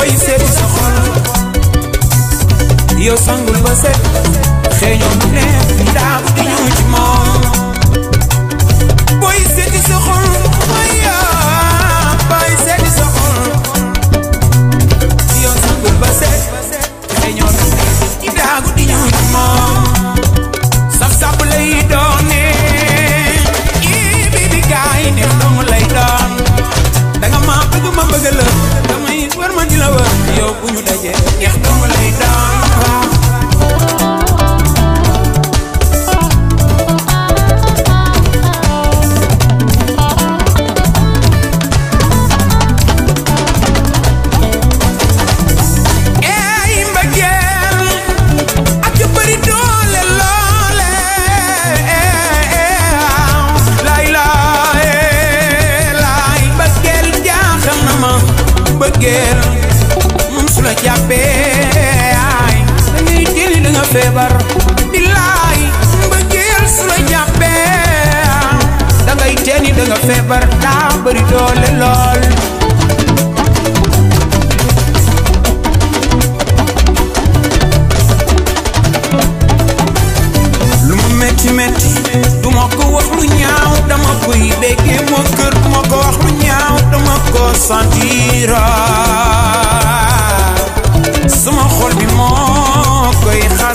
booy seet sa xol yow sangul ba set xëy na mu neex ndax du ñu when you ñu lay down. feebar billaay mbëggeel su la jàppee da ngay teeni da nga feebar daa bëri doole lool lu mu metti metti du ko wax ñaaw dama koy déggee moo kër du ko wax ñaaw dama ko sentiral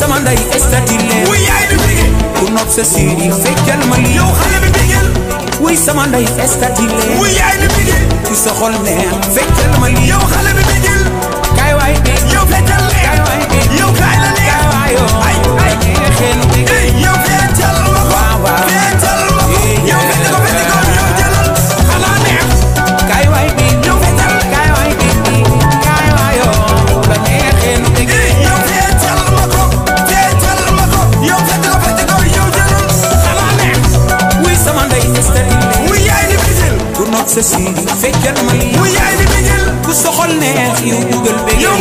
sama nday estatil leen wuy yaay bi bigel ku nopp sa séeri feccal ma lii yow xale bi bigel wuy sama nday estatil leen wuy yaay bi bigel ci sa xol neex feccal ma lii yow xale bi bigel kaay waay bi eh. yow feccal leen kaay waay bi eh. yow kaay la ma lii ku soxol neex yow dugal bégal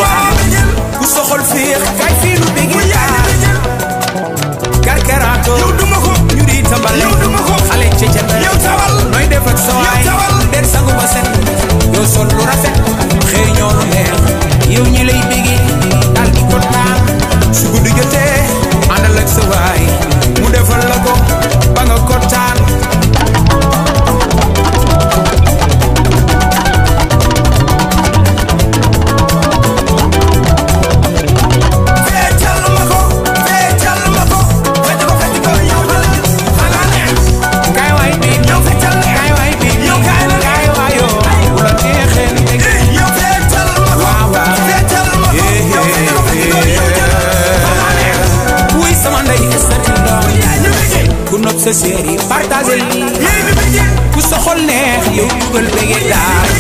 yow duma ko ñu di tabal yow duma ko xale ca ca yow tabal nooy def der sangu ba sa série partagé yi ku sa xol neex yow dugal bëggee daal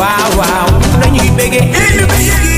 waaw waaw dañuy